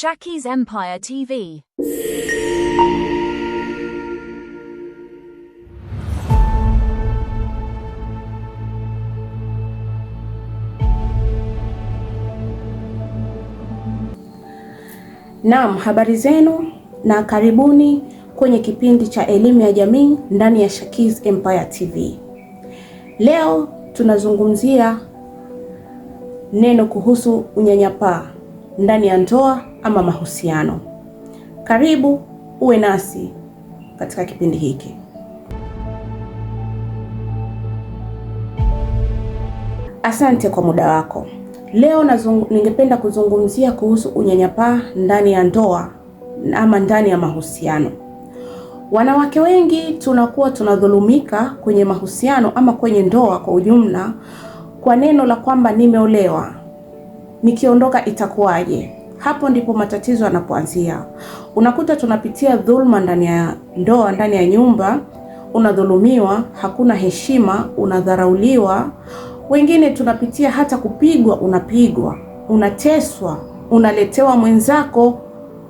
Jackie's Empire TV. Naam, habari zenu na karibuni kwenye kipindi cha elimu ya jamii ndani ya Shakiz Empire TV. Leo tunazungumzia neno kuhusu unyanyapaa ndani ya ndoa ama mahusiano. Karibu uwe nasi katika kipindi hiki. Asante kwa muda wako. Leo ningependa kuzungumzia kuhusu unyanyapaa ndani ya ndoa ama ndani ya mahusiano. Wanawake wengi tunakuwa tunadhulumika kwenye mahusiano ama kwenye ndoa kwa ujumla, kwa neno la kwamba nimeolewa, nikiondoka itakuwaje? Hapo ndipo matatizo yanapoanzia. Unakuta tunapitia dhuluma ndani ya ndoa, ndani ya nyumba, unadhulumiwa, hakuna heshima, unadharauliwa. Wengine tunapitia hata kupigwa, unapigwa, unateswa, unaletewa mwenzako,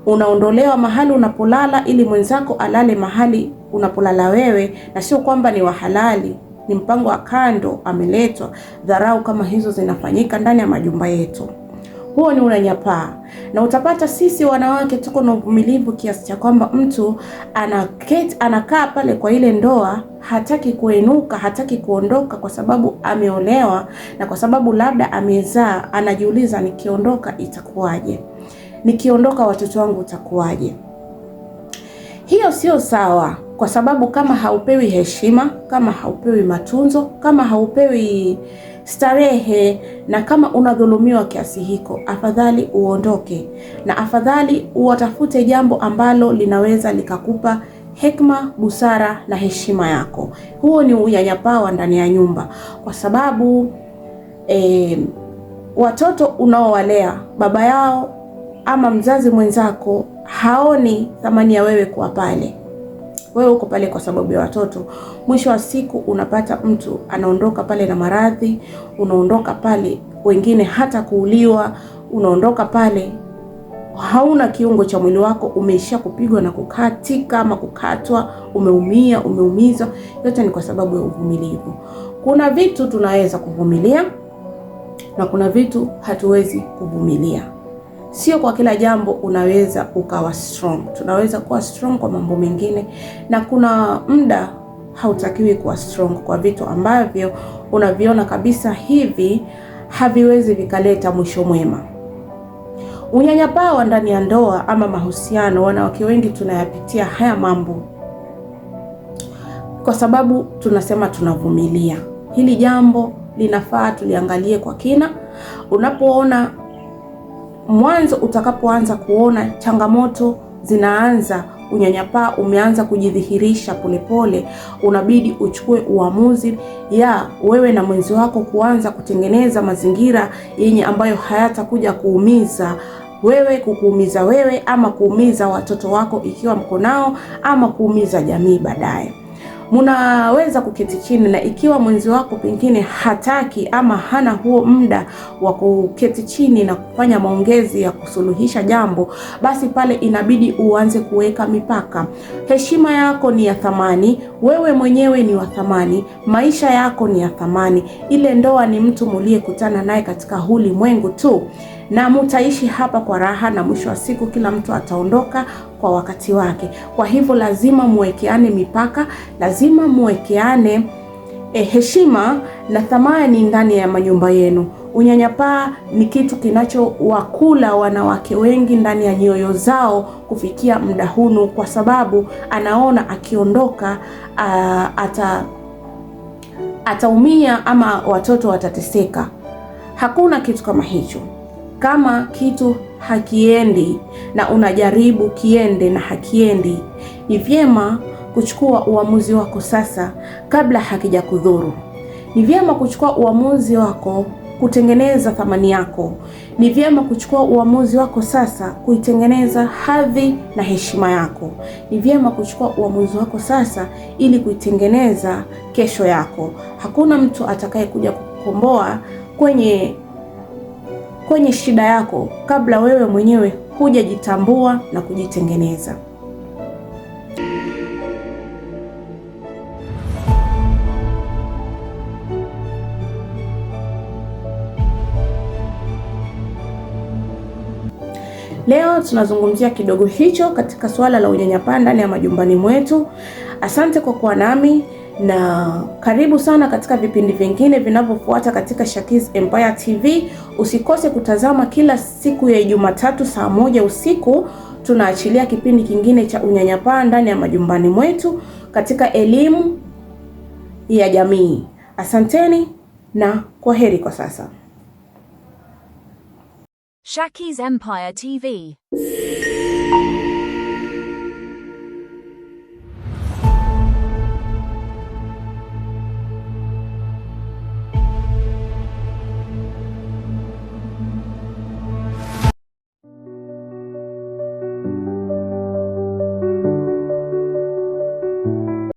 unaondolewa mahali unapolala ili mwenzako alale mahali unapolala wewe, na sio kwamba ni wahalali ni mpango wa kando ameletwa. Dharau kama hizo zinafanyika ndani ya majumba yetu, huo ni unyanyapaa, na utapata sisi wanawake tuko na uvumilivu kiasi cha kwamba mtu anaketi anakaa pale kwa ile ndoa, hataki kuenuka, hataki kuondoka kwa sababu ameolewa na kwa sababu labda amezaa, anajiuliza nikiondoka itakuwaje? Nikiondoka watoto wangu itakuwaje? Hiyo sio sawa, kwa sababu kama haupewi heshima, kama haupewi matunzo, kama haupewi starehe na kama unadhulumiwa kiasi hiko, afadhali uondoke, na afadhali uwatafute jambo ambalo linaweza likakupa hekma busara na heshima yako. Huo ni unyanyapaa wa ndani ya nyumba, kwa sababu e, watoto unaowalea baba yao ama mzazi mwenzako haoni thamani ya wewe kuwa pale. Wewe uko pale kwa sababu ya watoto. Mwisho wa siku unapata mtu anaondoka pale na maradhi, unaondoka pale wengine hata kuuliwa, unaondoka pale hauna kiungo cha mwili wako, umeisha kupigwa na kukatika ama kukatwa, umeumia, umeumizwa. Yote ni kwa sababu ya uvumilivu. Kuna vitu tunaweza kuvumilia na kuna vitu hatuwezi kuvumilia. Sio kwa kila jambo unaweza ukawa strong. Tunaweza kuwa strong kwa mambo mengine, na kuna muda hautakiwi kuwa strong kwa vitu ambavyo unaviona kabisa hivi haviwezi vikaleta mwisho mwema. Unyanyapaa wa ndani ya ndoa ama mahusiano, wanawake wengi tunayapitia haya mambo kwa sababu tunasema tunavumilia. Hili jambo linafaa tuliangalie kwa kina. Unapoona mwanzo utakapoanza kuona changamoto zinaanza, unyanyapaa umeanza kujidhihirisha polepole, unabidi uchukue uamuzi ya wewe na mwenzi wako kuanza kutengeneza mazingira yenye ambayo hayatakuja kuumiza wewe kukuumiza wewe ama kuumiza watoto wako ikiwa mko nao ama kuumiza jamii baadaye. Munaweza kuketi chini, na ikiwa mwenzi wako pengine hataki ama hana huo muda wa kuketi chini na kufanya maongezi ya kusuluhisha jambo, basi pale inabidi uanze kuweka mipaka. Heshima yako ni ya thamani, wewe mwenyewe ni wa thamani, maisha yako ni ya thamani. Ile ndoa ni mtu muliyekutana naye katika huli ulimwengu tu na mutaishi hapa kwa raha, na mwisho wa siku kila mtu ataondoka kwa wakati wake. Kwa hivyo lazima muwekeane mipaka, lazima muwekeane E, heshima na thamani ndani ya manyumba yenu. Unyanyapaa ni kitu kinachowakula wanawake wengi ndani ya nyoyo zao kufikia muda huu, kwa sababu anaona akiondoka a, ata ataumia ama watoto watateseka. Hakuna kitu kama hicho. Kama kitu hakiendi na unajaribu kiende na hakiendi, ni vyema kuchukua uamuzi wako sasa, kabla hakija kudhuru Ni vyema kuchukua uamuzi wako kutengeneza thamani yako. Ni vyema kuchukua uamuzi wako sasa kuitengeneza hadhi na heshima yako. Ni vyema kuchukua uamuzi wako sasa ili kuitengeneza kesho yako. Hakuna mtu atakayekuja kukomboa kwenye kwenye shida yako kabla wewe mwenyewe hujajitambua na kujitengeneza. Leo tunazungumzia kidogo hicho katika suala la unyanyapaa ndani ya majumbani mwetu. Asante kwa kuwa nami na karibu sana katika vipindi vingine vinavyofuata katika Shakyz Empire TV. Usikose kutazama kila siku ya Jumatatu saa moja usiku tunaachilia kipindi kingine cha unyanyapaa ndani ya majumbani mwetu katika elimu ya jamii. Asanteni na kwaheri kwa sasa. Shakyz Empire TV.